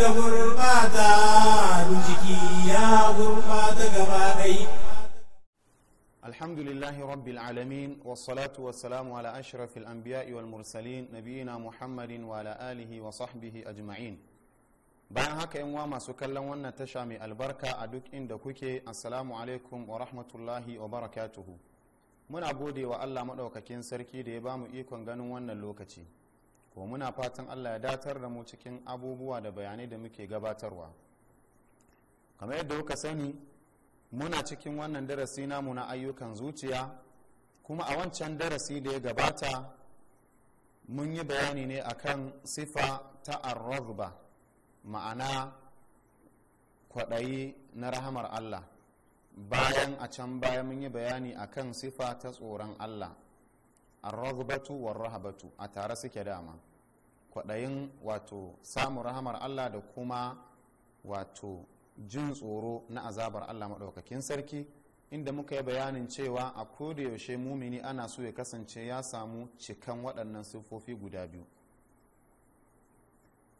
da gurbata jiki ya gurbata gaba ɗai الحمد لله رب ala والصلاة والسلام على أشرف الأنبياء muhammadin wa محمد وعلى آله وصحبه أجمعين bayan haka yan wa masu kallon wannan tasha mai albarka a duk inda kuke assalamu alaikum wa rahmatullahi wa barakatuhu muna gode wa allah maɗaukakin sarki da ya bamu ikon ganin wannan lokaci ko muna fatan allah ya datar da mu cikin abubuwa da bayanai da muke gabatarwa kamar yadda kuka sani muna cikin wannan darasi namu na ayyukan zuciya kuma a wancan darasi da ya gabata mun yi bayani ne akan sifa ta arrogba ma'ana kwaɗayi na rahamar allah bayan a can baya mun yi bayani akan sifa ta tsoron allah ar-raghbatu war-rahabatu a tare suke dama kwaɗayin wato samun rahamar Allah da kuma wato jin tsoro na azabar Allah maɗaukakin sarki inda muka yi bayanin cewa a yaushe mumini ana so ya kasance ya samu cikan waɗannan siffofi guda biyu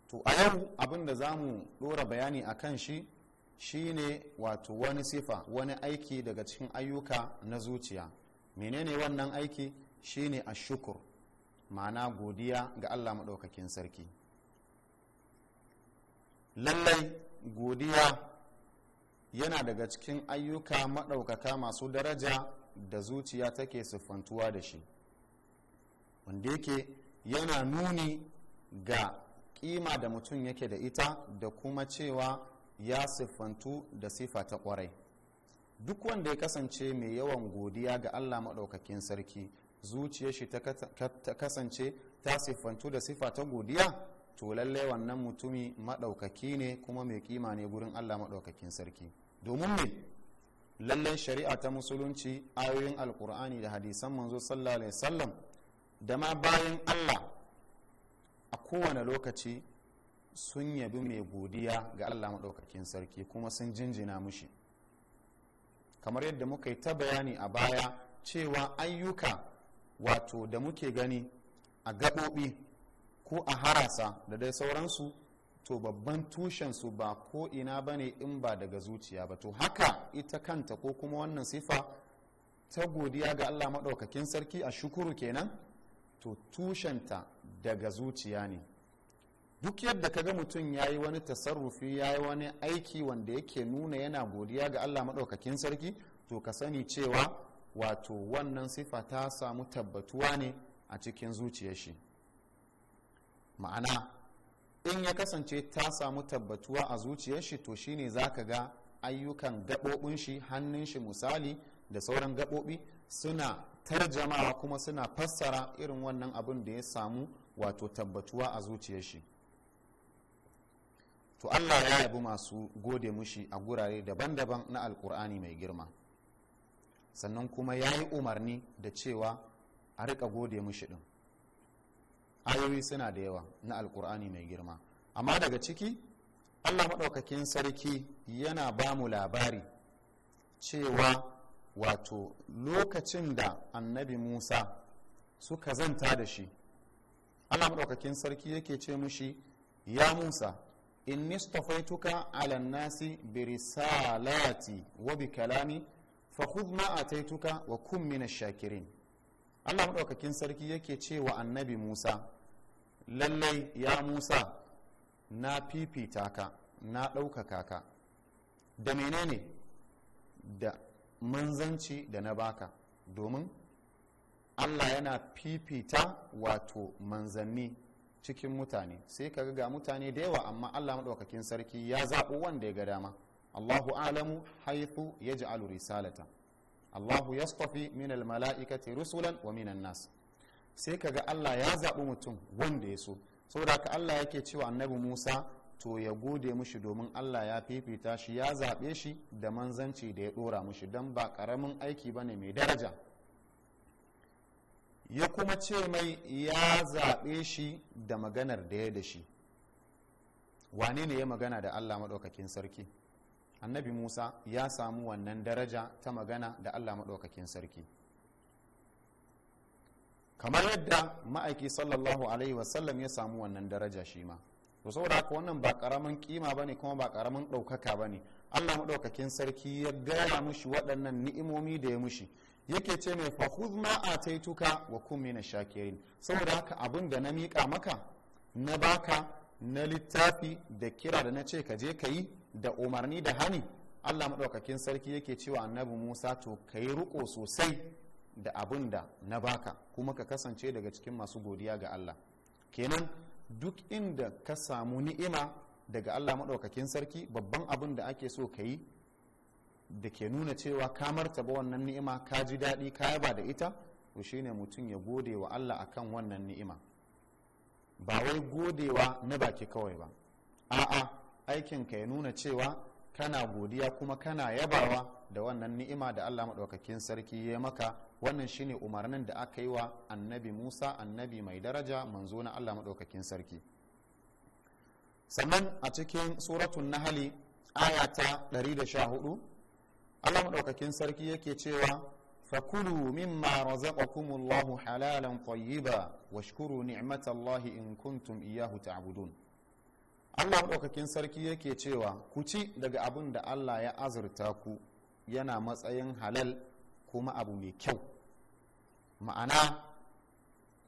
to a yau abin da za mu ɗora bayani a kan shi shine wato wani sifa wani aiki daga cikin ayyuka na zuciya menene wannan aiki shine shukur ma'ana godiya ga allah maɗaukakin sarki lallai godiya yana daga cikin ayyuka maɗaukaka masu daraja da zuciya take siffantuwa da shi wanda yake yana nuni ga kima da mutum yake da ita da kuma cewa ya siffantu da sifa ta kwarai duk wanda ya kasance mai yawan godiya ga allah maɗaukakin sarki zuciyar shi ta kasance ta siffantu da sifa ta godiya to lallai wannan mutumi maɗaukaki ne kuma mai kima ne gurin allah maɗaukakin sarki domin me lallai shari'a ta musulunci ayoyin alkur'ani da hadisan manzo sallallahu alaihi wasallam da ma bayan allah a kowane lokaci sun yabi mai godiya ga allah maɗaukakin sarki kuma sun jinjina mushi kamar yadda muka yi ta bayani a baya cewa ayyuka wato da muke gani a gaɓoɓi ko a harasa da dai sauransu to babban tushensu ba ko ina ba ne in ba daga zuciya ba to haka ita kanta ko kuma wannan sifa ta godiya ga allah maɗaukakin sarki a shukuru kenan to tushenta daga zuciya ne duk yadda ka ga mutum ya yi wani tasarrufi ya yi wani aiki wanda yake nuna yana godiya ga allah maɗaukakin sarki to ka sani cewa wato wannan sifa ta samu tabbatuwa ne a cikin zuciyar shi ma'ana in ya kasance ta samu tabbatuwa a zuciyar shi to shine zaka ga ayyukan gaɓoɓin shi hannun shi misali da sauran gaɓoɓi suna tarjamawa kuma suna fassara irin wannan abin da ya samu wato tabbatuwa a zuciyar shi to allah ya yabi masu gode mushi a gurare daban-daban na alkur'ani mai girma sannan kuma ya yi umarni da cewa a riƙa gode mushi ɗin ayoyi suna da yawa na alkur'ani mai girma amma daga ciki allah maɗaukakin sarki yana ba mu labari cewa wato lokacin da annabi musa suka zanta da shi allah maɗaukakin sarki yake ce mushi ya musa in nistafaituka ala nasi bi risalati wa bi kalami fa khudh ma ataituka wa kun min shakirin Allah maɗaukakin sarki yake cewa annabi Musa lallai ya Musa na fifita ka na ɗaukaka ka da menene da manzanci da na baka domin Allah yana fifita wato manzanni cikin mutane sai ka ga mutane da yawa amma Allah maɗaukakin sarki ya zaɓo wanda ya ga dama allahu alamu ji alu risalata allahu yastafi min ta rusulan wa minan nasu. sai kaga allah ya zaɓi mutum wanda ya so saboda ka allah yake cewa annabi musa to ya gode mushi domin allah ya fifita shi ya zaɓe shi da manzanci da ya ɗora mushi don ba ƙaramin aiki ba ne mai daraja ya kuma ce mai ya zaɓe shi da maganar da ya da shi wane ne ya magana da allah maɗaukakin sarki annabi musa ya samu wannan daraja ta magana da allah maɗaukakin sarki kamar yadda ma'aiki sallallahu alaihi wasallam ya samu wannan daraja shi ma to saboda haka wannan ba karamin kima ba ne kuma ba karamin ɗaukaka ba ne allah maɗaukakin sarki ya gaya mushi waɗannan ni'imomi da ya mushi yake ce mai fahuz ma a taituka wa kun mina shakirin saboda haka abin da na miƙa maka na baka na littafi da kira da na ce ka je ka yi da umarni da hani allah maɗaukakin sarki yake cewa annabi musa to ka yi riko sosai da abin da na baka kuma ka kasance daga cikin masu godiya ga allah kenan duk inda ka samu ni'ima daga allah maɗaukakin sarki babban abin da ake so ka yi da ke nuna cewa ka martaba wannan ni'ima ka ji daɗi ka yaba da ita to shine mutum ya gode wa allah akan wannan ni'ima ba wai godewa na baki kawai ba a'a aikinka ya nuna cewa kana godiya kuma kana yabawa da wannan ni'ima da Allah maɗaukakin sarki ya maka wannan shine umarnin da aka yi wa annabi Musa annabi mai daraja manzo na Allah maɗaukakin sarki sannan a cikin suratun nahali aya ta 114 Allah maɗaukakin sarki yake cewa fakulu mimma razaqakumullahu halalan tayyiba washkuru ni'matallahi in kuntum iyyahu ta'budun allah maɗaukakin sarki yake cewa ku ci daga abin da allah ya azurta ku yana matsayin halal kuma abu mai kyau ma'ana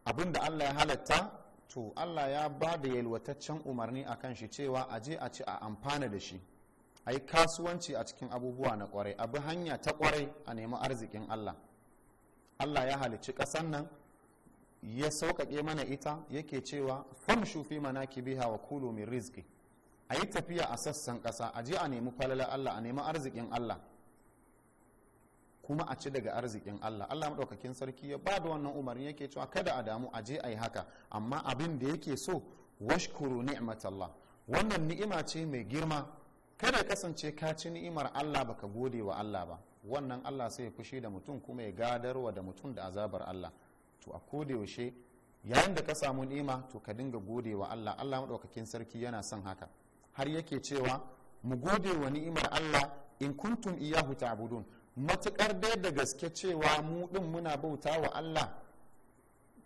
abin da allah ya halatta to allah ya ba da yalwataccen umarni a kan shi cewa a je a ci a amfana da shi a yi kasuwanci a cikin abubuwa na kwarai abu hanya ta kwarai a nemi arzikin allah allah ya halicci ƙasan nan ya sauƙaƙe mana ita yake cewa mana ki manakibiha wa kulu min rizqi a yi tafiya a sassan ƙasa a je a nemi falalar Allah a nemi arzikin Allah kuma a ci daga arzikin Allah Allah maɗaukakin sarki ya ba da wannan umarni yake cewa kada a damu a je a yi haka amma abin da yake so washkuru ni'matallah wannan ni'ima ce mai girma kada kasance ka ci ni'imar Allah baka gode wa Allah ba wannan Allah sai ya fushi da mutum kuma ya gadarwa da mutum da azabar Allah to a koda yaushe yayin da ka samu ni'ima to ka dinga gode wa Allah Allah madaukakin sarki yana son haka har yake cewa mu gode wa ni'imar Allah in kuntum iyahu ta'budun matukar dai da gaske cewa mu din muna bauta wa Allah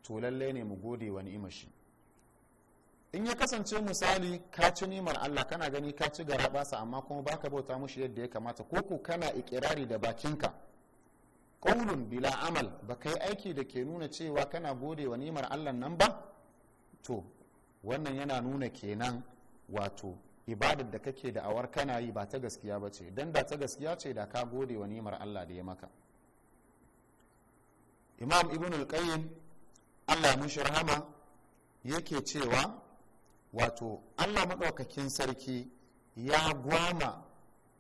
to lallai ne mu gode wa ni'imar shi in ya kasance misali ka ci ni'imar Allah kana gani ka ci gara basa amma kuma baka bauta mushi yadda ya kamata ko kana ikirari da bakinka ƙaunin bila amal ba ka yi aiki da ke nuna cewa kana gode wa nimar allah nan ba to wannan yana nuna kenan wato ibadar da kake da awar kana yi ba ta gaskiya ba ce don da ta gaskiya ce da ka gode wa nimar allah da ya maka imam ibn alƙayyin allah ya mushi yake cewa wato allah maɗaukakin sarki ya gwama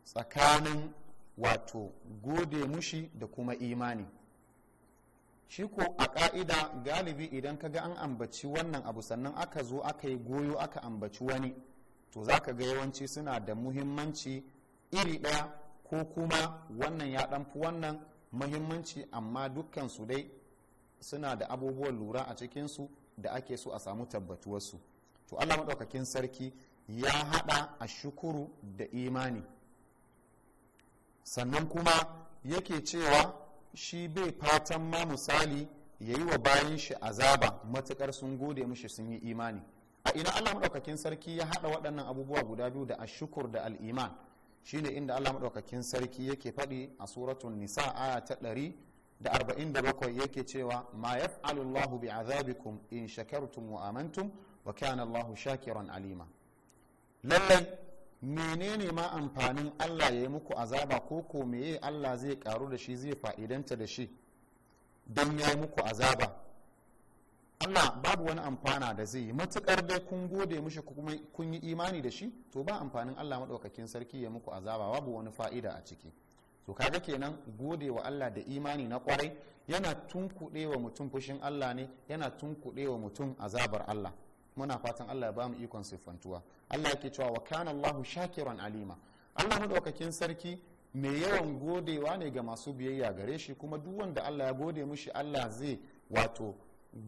tsakanin wato gode mushi da kuma imani shi ko a ka'ida galibi idan ka ga an ambaci wannan abu sannan aka zo aka yi goyo aka ambaci wani to za ka ga yawanci suna da muhimmanci iri ɗaya ko kuma wannan ya ɗanfi wannan muhimmanci amma dukkansu dai suna da abubuwan lura a cikinsu da ake so a samu tabbatuwarsu to allah maɗaukakin sarki ya haɗa a shukuru da imani sannan kuma yake cewa shi bai fatan ma misali ya yi wa bayan shi azaba matukar sun gode mishi sun yi imani a ina allah maɗaukakin sarki ya haɗa waɗannan abubuwa guda biyu da ashukur da al'iman shine inda allah maɗaukakin sarki yake faɗi a suratun nisa aya ta ɗari da arba'in da bakwai yake cewa ma yaf'alu allahu bi azabikum in shakartum wa amantum wa kana shakiran alima lallai menene ma amfanin allah ya yi muku azaba ko ko meye allah zai karu da shi zai fa'idanta da shi don ya yi muku azaba allah babu wani amfana da zai yi matukar dai kun gode mishi kuma kun yi imani da shi to ba amfanin allah maɗaukakin sarki ya muku azaba babu wani fa'ida a ciki to kaga kenan gode wa allah da imani na kwarai yana tunkuɗe wa mutum fushin allah ne yana tunkuɗe wa mutum azabar allah muna fatan Allah ya ba mu ikon siffantuwa Allah yake cewa wa kana Allahu shakiran alima Allah madaukakin sarki mai yawan godewa ne ga masu biyayya gare shi kuma duk wanda Allah ya gode mushi Allah zai wato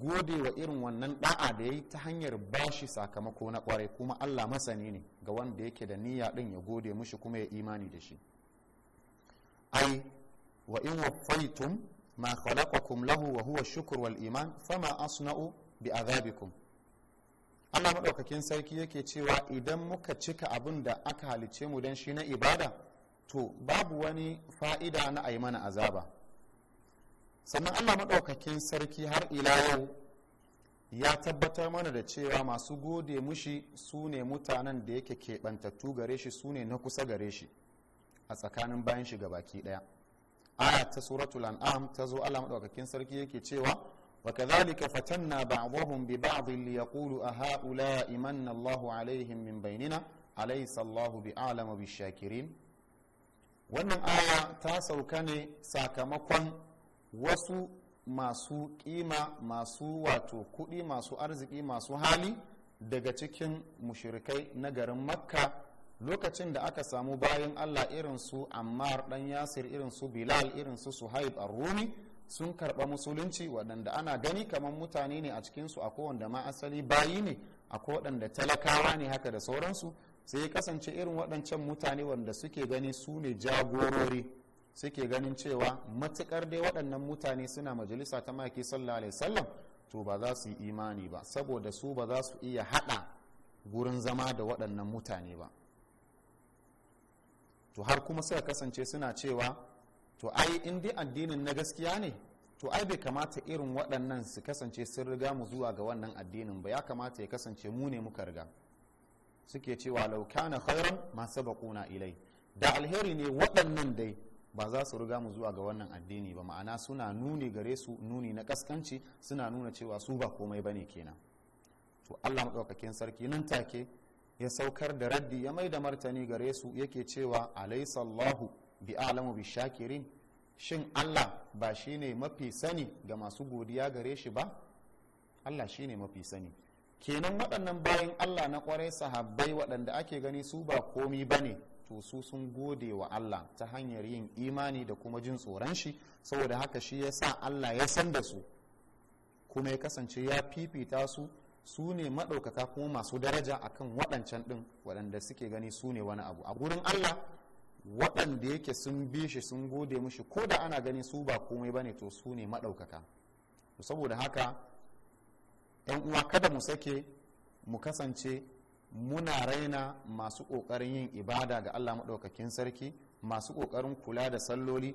gode wa irin wannan da'a da yayi ta hanyar bashi sakamako na kwarai kuma Allah masani ne ga wanda yake da niyya din ya gode mushi kuma ya imani da shi ai wa in waffaitum ma khalaqakum lahu wa huwa shukr wal iman fama asna'u bi adhabikum allah maɗaukakin sarki yake cewa idan muka cika abin da aka halice mu don shi na ibada to babu wani fa'ida na a yi mana azaba sannan allah maɗaukakin sarki har ila yau ya tabbatar mana da cewa masu gode mushi su ne mutanen da yake keɓantattu gare shi su ne na kusa gare shi a tsakanin bayan shi baki ɗaya aya ta suratul an'am ta zo allah maɗaukakin sarki yake cewa وكذلك فتنا بعضهم ببعض ليقولوا أهؤلاء من الله عليهم من بيننا أليس الله بأعلم بالشاكرين wannan aya ta sauka ne sakamakon wasu masu kima masu wato kuɗi masu arziki masu hali daga cikin mushirikai na garin makka lokacin da aka samu bayan allah irinsu amma ammar dan yasir irinsu bilal irinsu suhaib ar-rumi sun karɓa musulunci waɗanda ana gani kamar mutane ne a cikinsu a kowanda ma asali bayi ne a waɗanda talakawa ne haka da sauransu sai ya kasance irin waɗancan mutane wanda suke gani su ne jagorori suke ganin cewa matukar dai waɗannan mutane suna majalisa ta maki sallallahu alaihi to ba za su yi imani ba saboda su ba za su iya haɗa gurin zama da waɗannan mutane ba to har kuma suka kasance suna cewa to ai in dai addinin na gaskiya ne to ai bai kamata irin waɗannan su kasance sun riga mu zuwa ga wannan addinin ba ya kamata ya kasance mu ne muka riga suke cewa lauka na khairan masu sabaquna ilai da alheri ne waɗannan dai ba za su riga mu zuwa ga wannan addini ba ma'ana suna nuni gare su nuni na kaskanci suna nuna cewa su ba komai bane kenan to Allah madaukakin sarki nan take ya saukar da raddi ya mai da martani gare su yake cewa alaisallahu bi alamu bi shakirin shin Allah ba shine mafi sani ga masu godiya gare shi ba Allah shine mafi sani kenan waɗannan bayan Allah na ƙwarai sahabbai waɗanda ake gani su ba komi ba ne to su sun gode wa Allah ta hanyar yin imani da kuma jin tsoron shi saboda haka shi ya sa Allah ya san da su kuma ya kasance ya fifita su su ne maɗaukaka kuma masu daraja akan waɗancan ɗin waɗanda suke gani su ne wani abu a gurin Allah waɗanda yake sun bi shi sun gode mushi ko da ana ganin su ba komai bane to su ne maɗaukaka saboda haka yan uwa kada mu sake mu kasance muna raina masu ƙoƙarin yin ibada ga allah maɗaukakin sarki masu ƙoƙarin kula da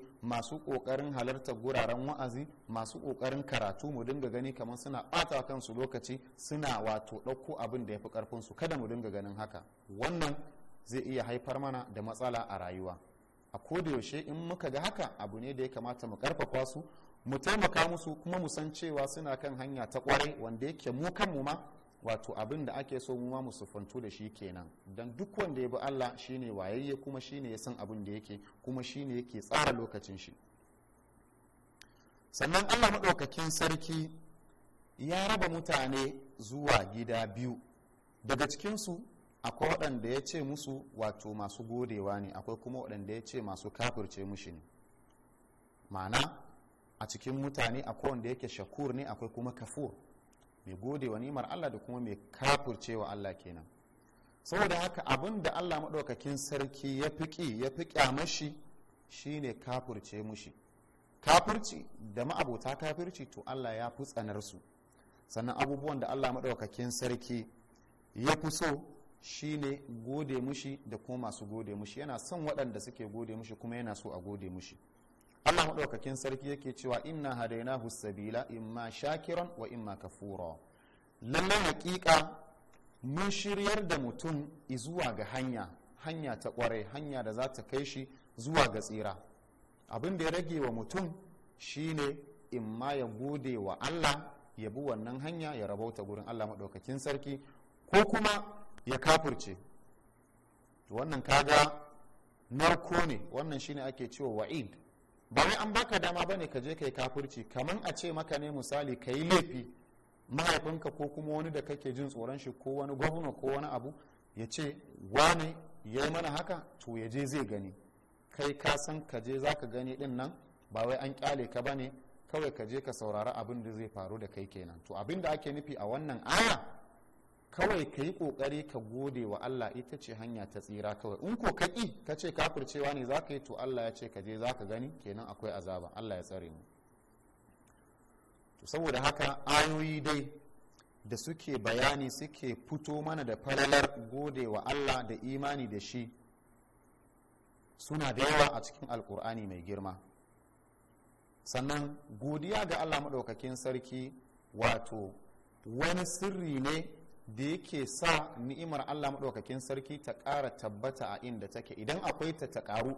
salloli masu ƙoƙarin halartar guraren wa'azi masu ƙoƙarin karatu mu dinga gani kamar suna ɓata kansu lokaci suna wato ɗauko abin da ya fi ƙarfinsu kada mu dinga ganin haka wannan zai iya haifar mana da matsala a rayuwa a yaushe in muka ga haka abu ne da ya kamata mu karfafa su mu taimaka musu kuma mu san cewa suna kan hanya ta kwarai wanda yake mu kanmu ma wato abin da ake so mu ma mu sufantu da shi kenan don duk wanda ya bi Allah shine wayayye kuma shine ya san abin da yake kuma shine yake tsara lokacin shi sannan Allah maɗaukakin sarki ya raba mutane zuwa gida biyu daga cikinsu akwai waɗanda ya ce musu wato masu godewa ne akwai kuma waɗanda ya ce masu kafirce mushi ne ma'ana a cikin mutane akwai wanda yake shakur ne akwai kuma kafur mai godewa nimar allah da kuma mai wa allah kenan saboda haka abin da allah maɗaukakin sarki ya fiƙi ya fiƙa mashi shine kafurce mushi kafirci da ma'abota kafirci to allah ya fi tsanar su sannan abubuwan da allah maɗaukakin sarki ya fi so shine gode mushi da kuma masu gode mushi yana son waɗanda suke gode mushi kuma yana so a gode mushi Allah maɗaukakin sarki yake cewa inna husabila in imma shakiran wa imma kafura lallai haƙiƙa mun shiryar da mutum zuwa ga hanya hanya ta ƙware hanya da za ta kai shi zuwa ga tsira abin da ya rage wa mutum shine imma ya gode wa Allah ya bi wannan hanya ya rabauta gurin Allah maɗaukakin sarki ko kuma ya kafirce wannan kaga narko ne wannan shine ake cewa wa'id ba wai an baka dama bane ka je yi kafirci kaman a ce maka ne misali ka yi laifi mahaifinka ko kuma wani da kake jin tsoron shi ko wani gwamna ko wani abu ya ce wane ya yi mana haka to ya je zai gani kai ka san ka je za ka gani din nan ba wai an kyale ka ba ne kawai ka je ka saurari abin da zai faru da kai kenan to abin da ake nufi a wannan aya kawai ka yi ƙoƙari ka gode wa Allah ita ce hanya ta tsira kawai in ko ka ƙi ka ce kafircewa ne za ka yi to Allah ya ce ka je za ka gani kenan akwai azaba Allah ya tsare mu to saboda haka ayoyi dai da suke bayani suke fito mana da falalar gode wa Allah da imani da shi suna da yawa a cikin alkur'ani mai girma sannan godiya ga Allah maɗaukakin sarki wato wani sirri ne da yake sa ni'imar Allah maɗaukakin sarki ta ƙara tabbata a inda take idan akwai ta ta ƙaru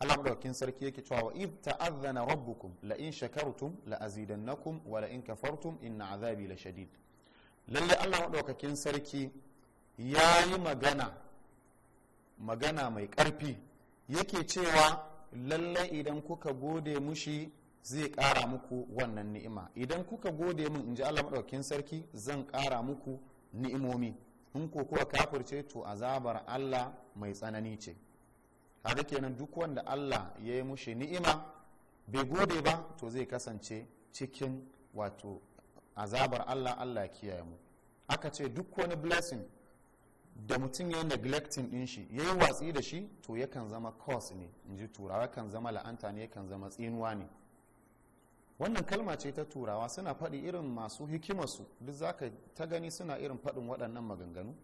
Allah maɗaukakin sarki yake cewa wa id ta'azzana rabbukum la in shakartum la azidannakum wa la in kafartum inna azabi la shadid lalle Allah maɗaukakin sarki ya yi magana magana mai ƙarfi yake cewa lalle idan kuka gode mushi zai ƙara muku wannan ni'ima idan kuka gode min in ji Allah maɗaukin sarki zan ƙara muku ni'imomi in ko kuwa kafirce to azabar Allah mai tsanani ce kaga kenan duk wanda Allah ya yi mushi ni'ima bai gode ba to zai kasance cikin wato azabar Allah Allah ya kiyaye mu aka ce duk wani blessing da mutum ya yi neglecting din shi ya yi watsi da shi to yakan zama cause ne in ji turawa kan zama la'anta ne yakan zama tsinuwa ne wannan kalma ce ta turawa suna faɗi irin masu hikimarsu duk ka ta gani suna irin faɗin waɗannan maganganu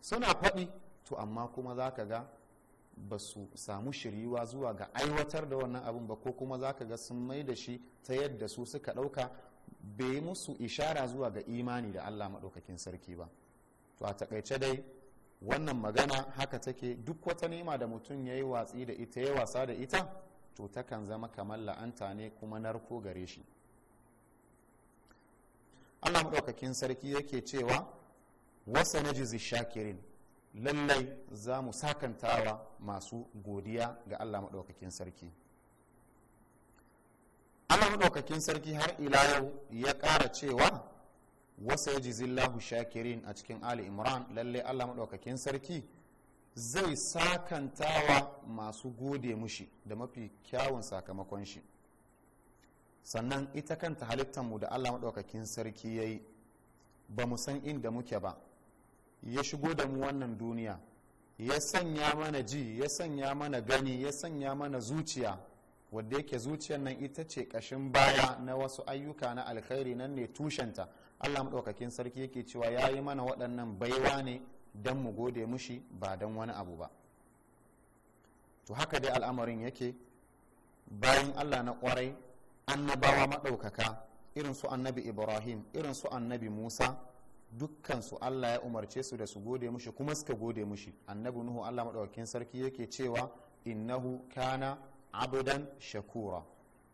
suna faɗi to amma kuma za ka ga ba su samu shiryuwa zuwa ga aiwatar da wannan abin ba ko kuma za ka ga sun mai da shi ta yadda su suka ɗauka bai musu ishara zuwa ga imani da allah maɗaukakin sarki ba to a taƙaice dai wannan magana haka take duk wata nema da mutum ya yi watsi da ita ya wasa da ita to takan zama kamar la'anta ne kuma narko gare shi allah maɗaukakin sarki yake cewa wasa na jizi shakirin lallai za mu sakantawa masu godiya ga allah maɗaukakin sarki allah maɗaukakin sarki har ila yau ya ƙara cewa wasa ya shakirin a cikin ali imran lallai allah maɗaukakin sarki zai sakantawa masu gode mushi da mafi kyawun sakamakon shi sannan ita kanta halittanmu da allah maɗaukakin sarki ya yi ba mu san inda muke ba ya shigo da mu wannan duniya ya sanya mana ji ya sanya mana gani ya sanya mana zuciya wadda yake zuciyar nan ita ce ƙashin baya na wasu ayyuka na alkhairi nan ne tushenta allah maɗaukakin sarki yake cewa ya yi mana waɗannan baiwa ne don mu gode mushi ba don wani abu ba to haka dai al'amarin yake bayan allah na kwarai annabawa maɗaukaka irin su annabi ibrahim irin su annabi musa dukkan su allah ya umarce su da su gode mushi kuma suka gode mushi annabi nuhu allah maɗaukakin sarki yake cewa innahu kana Abudan, shakura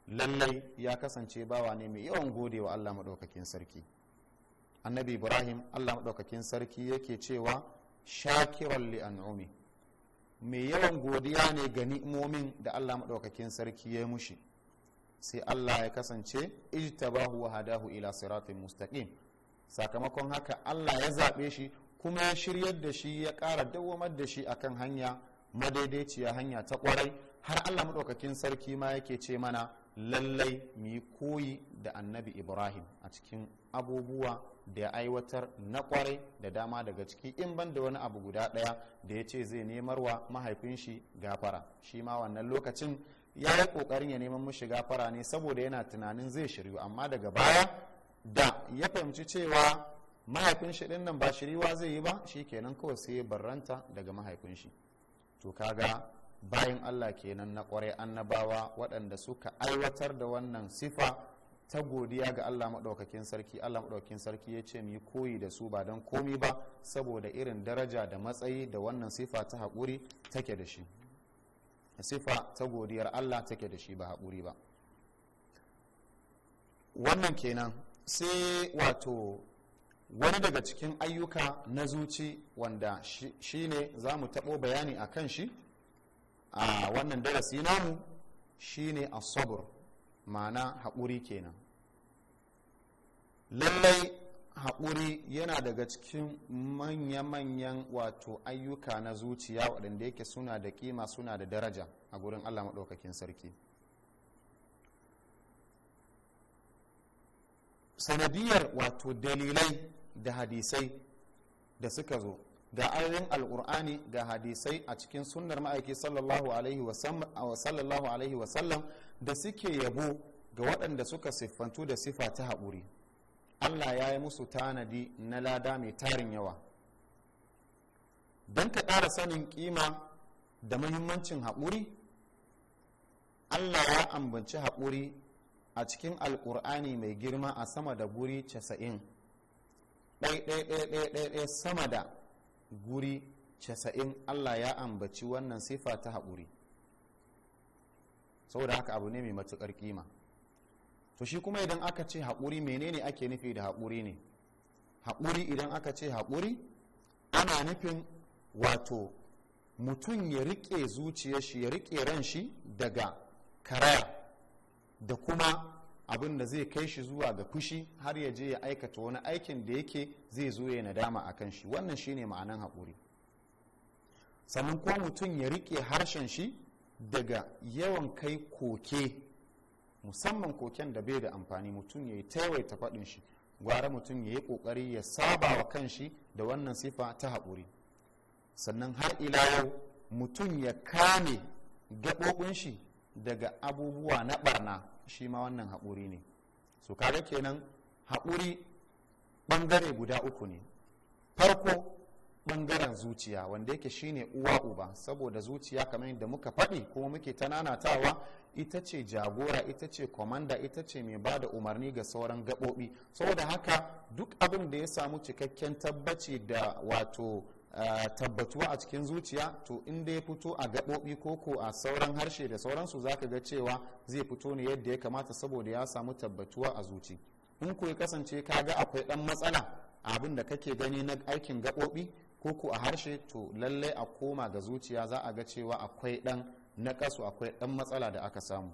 lallai ya kasance bawa ne mai yawan gode wa allah maɗaukakin sarki annabi ibrahim allah maɗaukakin sarki yake cewa shakiran li an'umi mai yawan godiya ne ga ni'imomin da allah maɗaukakin sarki ya mushi sai allah ya kasance ijtabahu wa hadahu ila siratin mustaqim sakamakon haka allah ya zaɓe shi kuma ya shiryar da shi ya ƙara dawwamar da shi akan hanya madaidaiciya hanya ta ƙwarai har allah maɗaukakin sarki ma yake ce mana lallai mu yi koyi da annabi ibrahim a cikin abubuwa da ya aiwatar na kwarai da dama daga ciki in ban da wani abu guda ɗaya da ya ce zai nemarwa mahaifin shi gafara shi ma wannan lokacin ya yi ƙoƙarin ya neman mushi gafara ne saboda yana tunanin zai shiryu amma daga baya da ya fahimci cewa mahaifin shi ɗin nan ba shiriwa zai yi ba shi kenan kawai sai ya barranta daga mahaifin shi to kaga bayan Allah kenan na kwarai annabawa waɗanda suka aiwatar da wannan sifa ta godiya ga Allah maɗaukakin sarki Allah maɗaukakin sarki ya ce mu yi koyi da su ba don komi ba saboda irin daraja da matsayi da wannan sifa ta haƙuri take da shi sifa ta godiyar Allah take da shi ba haƙuri ba wannan kenan sai wato wani daga cikin ayyuka na zuci wanda shi ne za mu taɓo bayani a kan shi a wannan darasi namu shine sabur ma'ana haƙuri kenan lallai haƙuri yana daga cikin manya-manyan wato ayyuka na zuciya waɗanda yake suna da ƙima suna da daraja a gurin allah maɗaukakin sarki sanadiyar wato dalilai da hadisai da suka zo ga ayoyin alkur'ani ga hadisai a cikin sunnar ma'aiki sallallahu alaihi wasallam da suke yabo ga waɗanda suka siffantu da sifa ta haƙuri allah ya yi musu tanadi na lada mai tarin yawa don ka ƙara sanin ƙima da muhimmancin haƙuri allah ya ambanci haƙuri a cikin alkur'ani mai girma a sama da guri 90 ɗaya sama da guri casa'in allah ya ambaci wannan sifa ta haƙuri saboda haka abu ne mai matuƙar kima to shi kuma idan aka ce haƙuri menene ake nufi da haƙuri ne haƙuri idan aka ce haƙuri ana nufin wato mutum ya riƙe zuciyar shi ya riƙe ran shi daga karaya da kuma abin da zai kai shi zuwa ga fushi har ya je ya aikata wani aikin da yake zai zo ya nadama a kan shi wannan shine ma'anan haƙuri sannan ko mutum ya riƙe harshen shi daga yawan kai koke musamman koken da bai da amfani mutum ya yi taiwaita faɗin shi gwara mutum ya yi ƙoƙari ya saba wa kan shi da wannan sifa ta haƙuri sannan har ila yau mutum ya kame gaɓoɓin shi daga abubuwa na barna shi ma wannan haƙuri ne su kaga kenan haƙuri ɓangare guda uku ne farko ɓangaren zuciya wanda yake shine uwa uba saboda zuciya kamar yadda muka faɗi kuma muke ta nanatawa ita ce jagora ita ce komanda ita ce mai ba da umarni ga sauran gaɓoɓi saboda haka duk abin da ya samu cikakken tabbaci da wato tabbatuwa a cikin zuciya to in ya fito a gaɓoɓi ko a sauran harshe da sauransu za ka ga cewa zai fito ne yadda ya kamata saboda ya samu tabbatuwa a zuci in ku ya kasance ka ga akwai ɗan matsala abin da kake gani na aikin gaɓoɓi ko ko a harshe to lallai a koma ga zuciya za a ga cewa akwai ɗan naƙasu akwai ɗan matsala da aka samu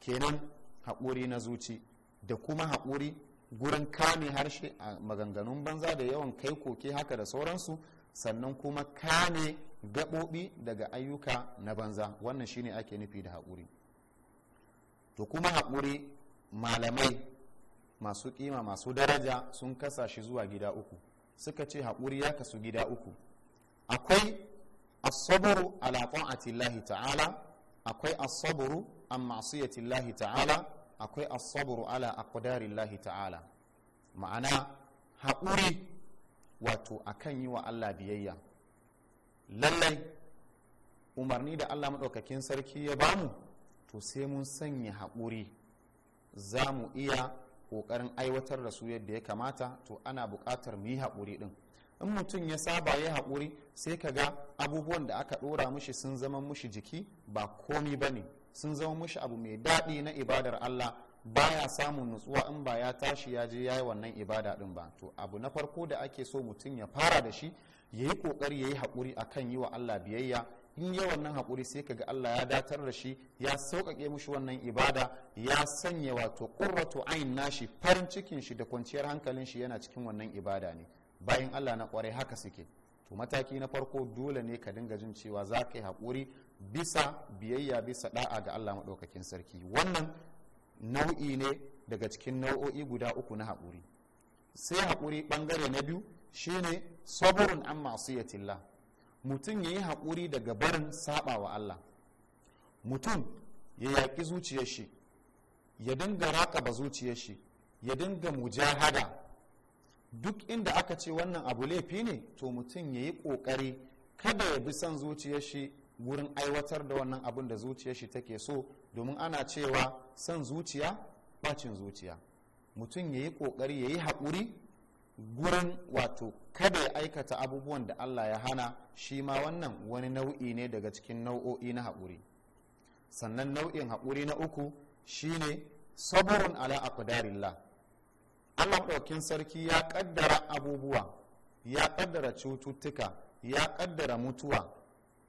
kenan haƙuri na zuci da kuma haƙuri gurin kame harshe a maganganun banza da yawan kai koke haka da sauransu sannan kuma kame gaɓoɓi daga ayyuka na banza wannan shine ake nufi da haƙuri to kuma haƙuri malamai masu ƙima masu daraja sun kasa shi zuwa gida uku suka ce haƙuri ya kasu gida uku akwai asabaru ala Atillahi ta'ala akwai asabaru an ma'asiyatillahi ta'ala akwai asabaru ala Akwadarillahi ta'ala ma'ana haƙuri wato akan yi wa Allah biyayya lallai umarni da Allah maɗaukakin sarki ya bamu to sai mun sanya haƙuri za mu iya ƙoƙarin aiwatar da su yadda ya kamata to ana buƙatar mu yi haƙuri ɗin in mutum ya saba ya haƙuri sai ka ga abubuwan da aka ɗora mushi sun zama mushi jiki ba komi ba ne sun zama mushi abu mai daɗi na ibadar Allah baya samun nutsuwa in ba ya tashi ya je ya yi wannan ibada din ba to abu na farko da ake so mutum ya fara da shi ya yi kokari ya yi haƙuri akan yi wa Allah biyayya in yi wannan haƙuri sai kaga Allah ya datar da shi ya sauƙaƙe mushi wannan ibada ya sanya wato ƙurratu ain nashi farin cikin shi da kwanciyar hankalin shi yana cikin wannan ibada ne bayan Allah na ƙwarai haka suke to mataki na farko dole ne ka dinga jin cewa za ka yi haƙuri bisa biyayya bisa ɗa'a ga Allah maɗaukakin sarki wannan nau'i ne daga cikin nau'o'i guda uku na haƙuri sai haƙuri ɓangare na biyu shine saburin an tilla mutum ya yi haƙuri daga barin saba wa Allah mutum ya yaƙi zuciyar shi ya dinga raƙaba zuciyar shi ya dinga mujahada duk inda aka ce wannan abu laifi ne to mutum ya yi ƙoƙari kada ya bi son zuciyar shi wurin aiwatar da wannan abin da zuciyar shi take so domin ana cewa son zuciya bacin zuciya mutum ya yi ƙoƙari ya yi haƙuri gurin wato kada ya aikata abubuwan da allah ya hana shi ma wannan wani nau'i ne daga cikin nau'o'i na haƙuri sannan nau'in haƙuri na uku shine saburin ala aqdarillah allah ɗaukin sarki ya ƙaddara abubuwa ya ƙaddara cututtuka ya ƙaddara mutuwa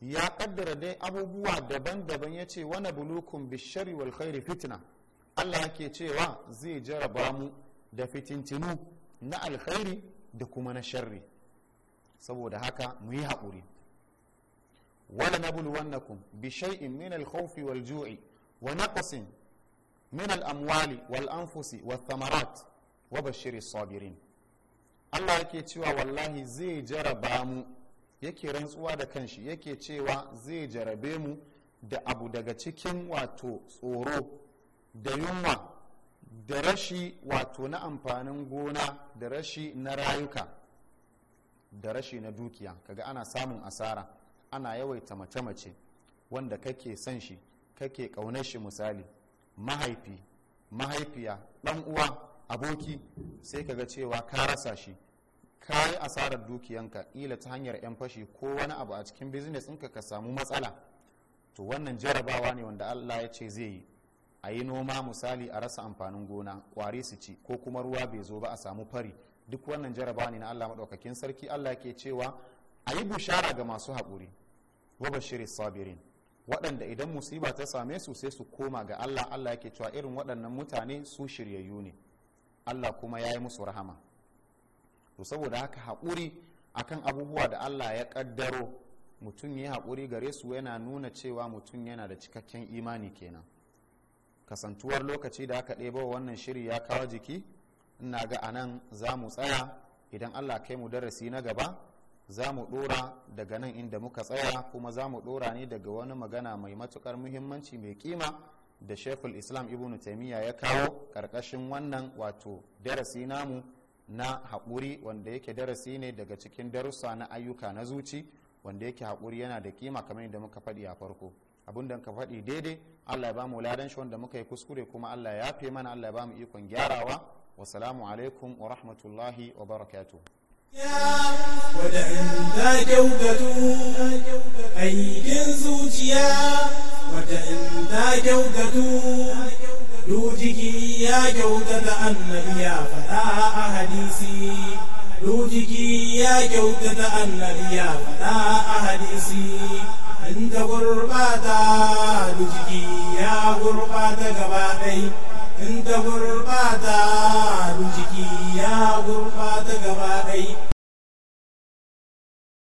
ya kaddara dai abubuwa daban-daban ya ce wani bulukun bishari wal khairi fitna allah yake cewa zai jaraba mu da fitintinu na alkhairi da kuma na sharri saboda haka mu yi haƙuri wala nabluwannakum bi shay'in min al wal ju'i wa naqsin min alamwali, amwali wal anfusi wath thamarat wa bashshiri sabirin Allah yake cewa wallahi zai jaraba mu yake rantsuwa da kanshi yake cewa zai jarabe mu da abu daga cikin wato tsoro da yunwa da rashi wato na amfanin gona da rashi na rayuka da rashi na dukiya kaga ana samun asara ana yawaita mace-mace wanda kake san shi kake ƙaunar shi misali mahaifi mahaifiya ɗan uwa aboki sai kaga cewa ka rasa shi ka yi asarar dukiyanka ila ta hanyar 'yan fashi ko wani abu a cikin business ɗinka ka samu matsala to wannan jarabawa ne wanda allah ya ce zai yi a yi noma misali a rasa amfanin gona kwari su ci ko kuma ruwa bai zo ba a samu fari duk wannan jarabawa ne na allah maɗaukakin sarki allah ke cewa a yi bushara ga masu haƙuri wa bashiri sabirin waɗanda idan musiba ta same su sai su koma ga allah allah ke cewa irin waɗannan mutane su shiryayyu ne allah kuma ya yi musu rahama to saboda haka haƙuri akan abubuwa da allah ya ƙaddaro mutum ya haƙuri gare su yana nuna cewa mutum yana da cikakken imani kenan kasantuwar lokaci da aka ɗebo wannan shiri ya kawo jiki ina ga anan za mu tsaya idan allah kai mu darasi na gaba za mu dora daga nan inda muka tsaya kuma za mu dora ne daga wani magana mai matukar muhimmanci mai kima da shekul islam ibn taimiyya ya kawo ƙarƙashin wannan wato darasi namu na haƙuri wanda yake darasi ne daga cikin darussa na ayyuka na zuci wanda yake haƙuri yana da kima kamar yadda muka faɗi a farko abin da ka faɗi daidai allah ya bamu ladan shi wanda muka yi kuskure kuma allah ya fi mana allah ya bamu ikon gyarawa wasalamu alaikum wa rahmatullahi wa barakatu aikin zuciya wadanda kyautatu rujiki ya kyautata annabi ya faɗa a hadisi rujiki ya kyautata annabi ya faɗa a hadisi in ta gurɓata, rujiki ya gurɓata gaba ɗai in ta gurɓata, rujiki ya gurɓata gaba ɗai